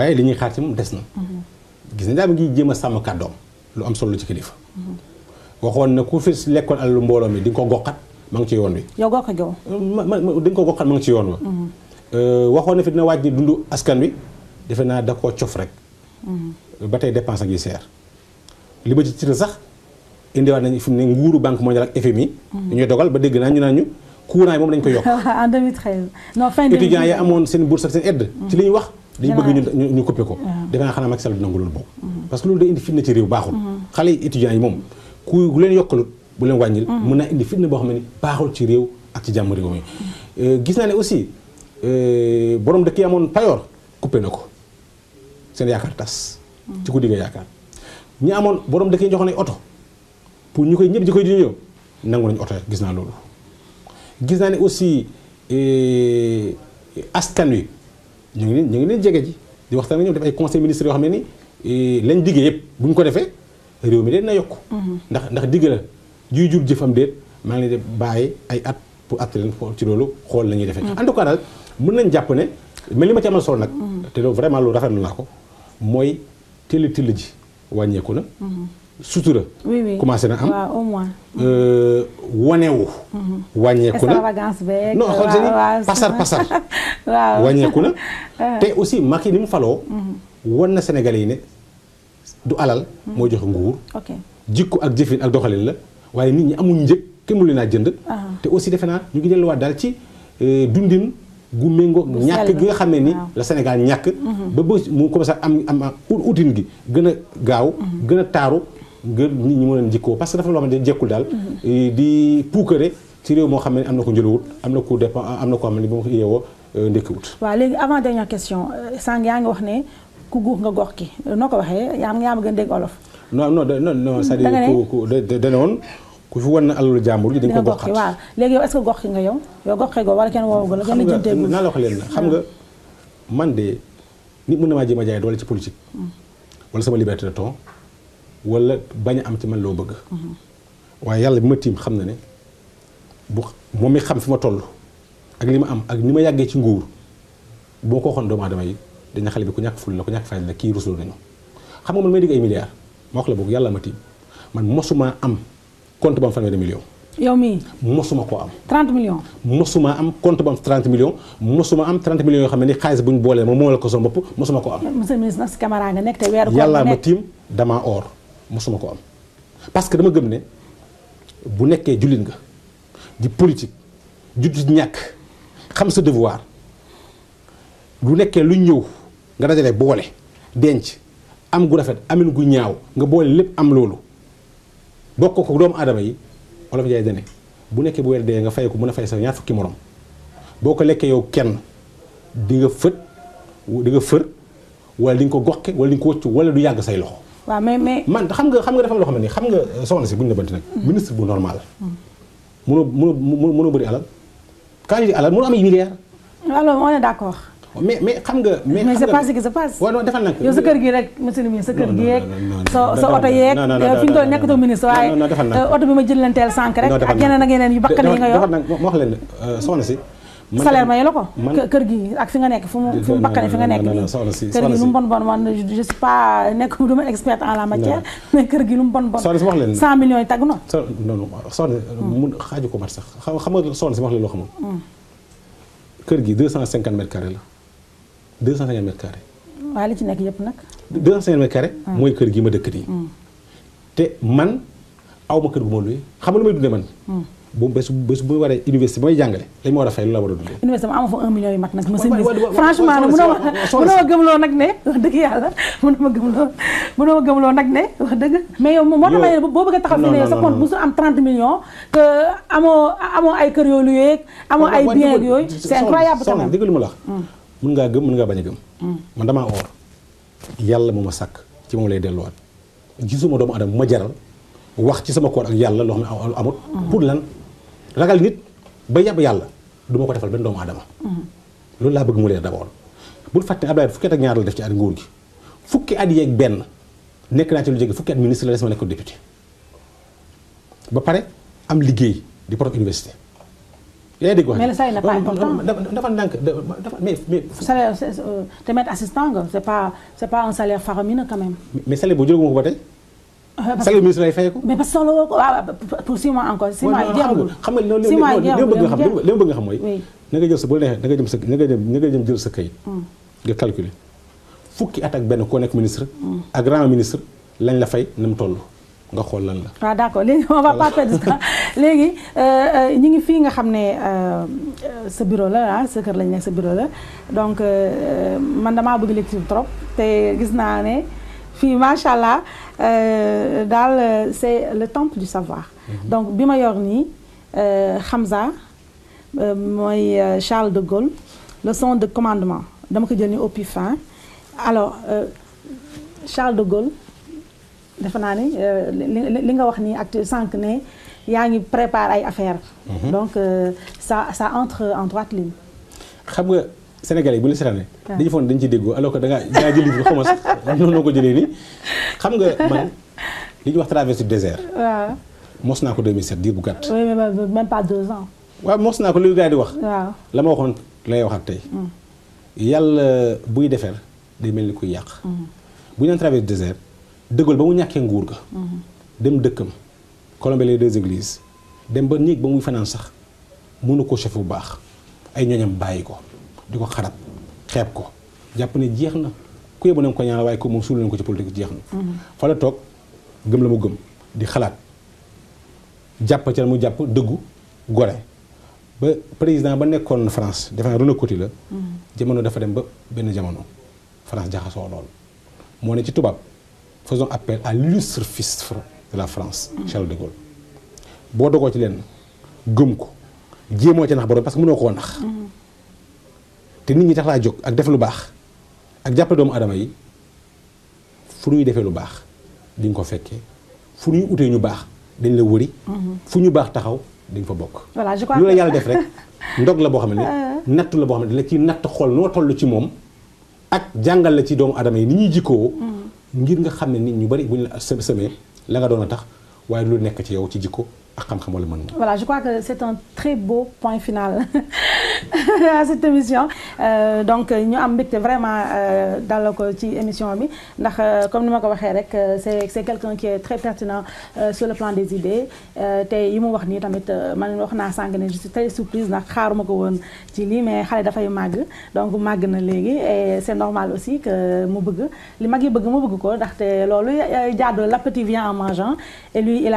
waaye li ñuy xaar ci moom des na. gis nañ daal mi ngi jéem a sàmm kàddoom lu am solo ci kilifa. waxoon na ku fi lekkoon alalu mbooloo mi di nga ko goxat ma ngi ci yoon wi. yow gox ko ma ma di nga ko goxat ma ngi ci yoon wa mhm. euh, waxoon na fi dina wàññi dundu askan wi defe naa da koo cof rek. Mhm. ba tey dépense ak yi seer li ma ci tiital sax indiwaat nañu fi mu ne nguuru banque mondiale ak FMI. Mhm. dañuy dogal ba dégg naa ñu naan ñu courant moom dañu ko yokk. en 2013 non fin 2013 yi amoon seen bourse ak seen aide. ci li ñu wax. dañu bëgg ñu ñu coupé ko ah. dangaa xanaa Macky Sall nangu loolu bokk mm-hmm. parce que loolu day indi fitna ci réew baaxul mm-hmm. xale yi étudiants yi moom ku leen yokkalut bu leen wàññil mm-hmm. mën naa indi fitna boo xam ne baaxul ci réew ak ci jàmm réew mi euh, gis naa ne aussi euh, borom dëkk amoon payoor coupé na ko seen tas ci ku digga yaakaar ñi amoon borom dëkk yi joxoon ay oto pour ñu koy ñëpp di koy di ñëw nangu oto gis naa loolu gis naa ne aussi euh, askan wi ñu ngi ñu ngi leen jege ji di waxtaan ak def ay conseil ministre yoo xam ne ni eh, lañ digge yëpp bu ñu ko defee réew mi de na yokk mhm. ndax ndax digg la juy jur jëfam déet maa ngi leen di bàyyi ay at pour atte leen xool xool la ñuy defee mhm. en tout cas daal mën nañ jàpp ne mais li ma ci amal solo nag mhm. te loolu vraiment loolu rafetlu naa ko mooy tëll tëll ji wàññeeku na sutura. oui oui commencé na am waaw euh, wanewu. Mm-hmm. wàññeeku na extravagance beeg. non xam nga pasar pasar. wàññeeku na. te aussi Macky ni mu faloo. Mm-hmm. wan na Sénégalais yi ne du alal. Mm-hmm. moo joxe nguur. ok ak jëfin ak doxalin la waaye nit ñi amul njëg kenn mu leen jënd. Ah. te aussi defe naa ñu ngi delluwaat daal ci euh, dundin. gu méngoog ñàkk gi nga xam ne ni la ñàkk ba ba mu commencé am am utin gi gën a gaaw gën a taaru ngir nit ñi mën leen jikkoo parce que dafa loo xam ne jekkul daal di puukare ci réew moo xam ne am na ko njëluwut am na ko dépend am na ko xam ne ba ma euh, euh, ngi wax ne ku guux nga gox ki euh, noo ko waxee yaa ngi yaa ma gën dégg olof non non sa non c'est-à-dire que da ne woon ku fi wan na alalu jàmbur gi dañ ko goxaat waaw léegi yow est-ce que gox ki nga yow yow gox ki go wala kenn woowu la kenn jënteegul naa la wax leen na xam nga hmm. man de nit mën na maa jéem a jaay doole ci politique hmm. wala sama liberté de ton wala bañ am ci man loo bëgg. waaye yàlla bi ma tiim xam na ne bu moom mi xam fi ma toll ak li ma am ak ni ma yàggee ci nguur boo ko waxoon doomu aadama yi dañu xale bi ku ñàkk ful la ku ñàkk fayal la kii rusul nañu xam nga man may digg ay milliards ma wax la boog yàlla ma tiim man mosuma am compte ba am fanweeri million. yow mii mosuma koo am. 30 millions. mosuma am compte ba am 30 millions mosuma am yoo xam ne ni xaalis bu ñu boolee moom moo la ko sama bopp mosuma koo am. nekk te weeru. ko yàlla ma tiim damaa or. mosuma ko am parce que dama gëm ne bu nekkee jullit nga di politique judd ñàkk xam sa devoir bu nekkee lu ñëw nga dajale boole denc am gu rafet amin gu ñaaw nga boole lépp am loolu bokk ko doomu aadama yi olof Njaay dane bu nekkee bu weer dee nga fay ko mën a fay sa ñaar fukki moroom boo ko lekkee yow kenn di nga fët di nga fër wala di ko goxe wala di ko wala du yàgg say loxo waaw mais mais. man xam nga xam nga dafa loo xam ne xam nga euh, soxna si bu ñu la bënti nag. Hmm. ministre bu normal. mënoo mënoo bëri alal quand je alal mënoo am ay milliards. alors on est d'accord. mais xam nga. mais c'est pas ce qui se yow sa kër gi rek monsieur le ministre sa kër gi yeeg. sa oto yeeg. fi ñu doon nekkatoo ministre waaye. Euh, oto bi ma jël leen teel sànq rek. ak yeneen ak yeneen yu bakkan yi nga yor. moo wax leen euh, soxna si salaire mayu la ko kër gi ak fi nga nekk fu mu fu mu bakkane fi nga nekk nii kër gi lu mu bon bon man je suis pas nekk du ma expert en la matière mais kër gi lu mu bon bon soxna si wax leen cent millions yi tagg na non non soxna hmm. mun xaaju ko mat sax xam nga soxna si wax leen loo xamul hmm. kër gi deux cent cinquante mètres carrés la deux cent cinquante mètres carrés waaye li ci nekk yëpp nag deux cent cinquante mètres carrés hmm. mooy kër gi ma dëkk nii te man aw ma kër gu ma luy xam nga lu may dundee man bu bés bés bu waree université mooy jàngale lañ ma war a fay lu la war a dundee. université ma amoo fa un million yu mat nag. ma sëñ bi franchement nag mënoo ma mënoo ma gëmloo nag ne wax dëgg yàlla mënoo ma gëmloo mënoo ma gëmloo nag ne wax dëgg. mais yow moo tax ma ne boo bëggee taxaw am 30 millions. amoo ay kër yoo luyeeg. amoo ay biens yooyu c'est incroyable. soxna dëgg lu ma la wax. Hmm. mën ngaa gëm mën ngaa bañ a gëm. Hmm. man damaa oor yàlla mu ma sàkk ci moom lay delluwaat gisuma doomu adam ma jaral wax ci sama koor ak yàlla loo xam ne amut pour lan ragal nit ba yàbb yàlla du ma ko defal benn doomu aadama mm-hmm. loolu laa bëgg mu leen d'abord bul fàtte ne Abdoulaye fukki ñaar def ci at nguur fukki at yeeg benn nekk naa ci lu jege fukki at ministre la des ba pare am liggéey di le salaire n'est pas important dafa ndànk dafa mais mais. salaire tamit euh, assistant nga c'est pas c'est pas un salaire faramineux quand même. mais salaire boo jëlee ko ba tey. salaire ministre ay fay ko. mais parce que pour six encore. six mois jeexagul xam nga loolu li ma bëgg nga xam li ma bëgg nga xam mooy. sa bu neexee na nga jëm fukki at ak benn koo nekk ministre. ak lañ la fay na mu toll. nga xool lan la. waaw d'accord léegi on léegi ñu ngi fii nga xam ne sa bureau la ah sa kër lañ nekk sa bureau la donc man damaa bëgg lecture trop te gis naa ne. fii macha allah euh, daal euh, c'est le temple du savoir. Mhm. donc bi ma yor nii euh, Hamza mooy Charles de Gaulle leçon de commandement dama ko jël ni au pif alors Charles de Gaulle defe naa ni li nga wax nii acte sànq ne yaa ngi prépare ay affaires. Mhm. donc ça ça entre en droite ligne. xam nga. Sénégalais bu la seetaanee dañu foog ne dañu ci déggoo alors ko da ngaa daa bi ko jëlee xam nga man li ñuy wax traverse du désert. waaw mos naa ko 2007 diir bu gàtt. oui mais même pas deux naa ko li gars wax. waaw waxoon lay wax ak mm. yàlla buy defar day mel ni kuy yàq. Mm. bu ñu naan traverse du désert ba mu ñàkkee nguur ga. Mm. dem dëkkam colombe de deux églises dem ba néeg ba muy fanaan sax mënu ko chef bu baax ay ñoñam bàyyi ko. di ko xarab xeeb ko jàpp ne jeex na ku yóbbu na ko ñaanal waaye ko moom suul nañ ko ci politique jeex na. Mm-hmm. fa toog gëm la mu gëm di xalaat jàpp ca la mu jàpp dëggu gore ba président ba nekkoon France defe naa Renaud la. Mm-hmm. jamono dafa dem ba benn jamono France jaxasoo lool moo ne ci tubaab faisons appel à l'illustre fils la France. Mm-hmm. Charles de Gaulle boo dogoo ci leen gëm ko jéemoo ci nax borom parce que mënoo koo nax. te nit ñi tax laa jóg ak def lu baax ak jàppale doomu adama yi fu ñuy defee lu baax di ko fekkee fu ñuy utee ñu baax dañ la wëri fu ñu baax taxaw dañ nga fa bokk lu la yàlla def rek ndog la boo xam ne euh. nattu la boo xam ne la ciy natt xool noo toll ci moom ak jàngal la ci doomu adama yi ni ñuy jikkoo mm-hmm. ngir nga xam ne nit ñu bari bu ñu la semee la nga doon a tax waaye lu nekk ci yow ci jikko ak xam-xam wala mën voilà je crois que c'est un très beau point final à cette émission euh, donc ñu am mbégte vraiment euh, dalal ko ci émission bi ndax euh, comme nu ma ko waxee rek c'est c'est quelqu'un qui est très pertinent sur le plan des idées te yi mu wax nii tamit man wax naa sànq ne je suis très surprise ndax xaaruma ko woon ci lii mais xale dafay màgg donc màgg na léegi e c'est normal aussi que mu bëgg li mag yi bëgg mu bëgg ko ndaxte loolu jaadu l'appétit vient en mangeant et lui il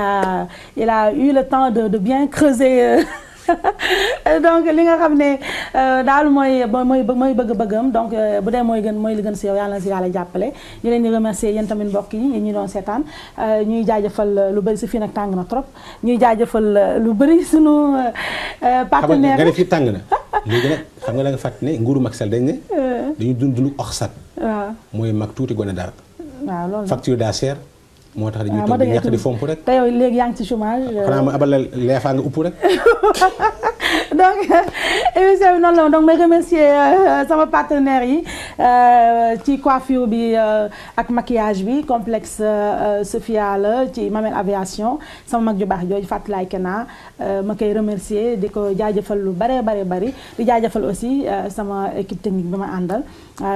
a eu le temps de de bien creuser donc li nga xam ne euh, daal mooy ba mooy mooy bëgg-bëggam donc euh, bu dee mooy gën mooy li gën si yow yàlla na si yàlla jàppale ñu leen di remercier yéen tamit mbokk yi ñu doon seetaan euh, ñuy jaajëfal lu bari si fii nag tàng na trop ñuy jaajëfal lu bëri sunu partenaire nga tàng na léegi xam nga da nga fàtt ne nguuru Macky Sall dañ ne dañu dund dund oxsat waaw mooy mag tuuti gone dara waaw loolu facture daa cher moo tax dañuy ah, toog di ñàkk di fomp rek. te yow léegi yaa ngi ci chômage. Euh. xanaa ma abal la leefaa nga upp rek. donc émission bi noonu la donc may remercier euh, euh, sama partenaire yi. Euh, ci coiffure bi euh, ak maquillage bi complexe euh, Sophia la ci Mamel aviation sama mag ju baax jooju fàttalaay kenaa ma koy remercier di ko jaajëfal lu bare bare bari di jaajëfal aussi sama équipe technique bi ma àndal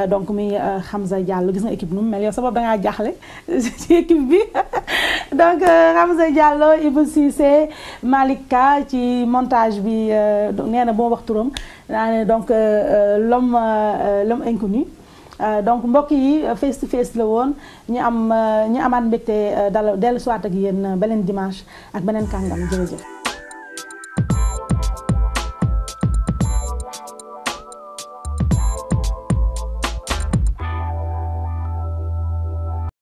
donc muy Hamza Diallo gis nga équipe nu mel yow sa bopp dangaa jaaxle ci équipe bi donc euh, Ramza Diallo Ibou Cissé Malika ci montage bi euh, nee na boo wax turam naa ne donc euh, l'homme l'homme inconnu donc mbokk yi face to face la woon ñu am ñu amaat mbégte dala dellu soit ak yéen beneen dimanche ak beneen kàngam jërëjëf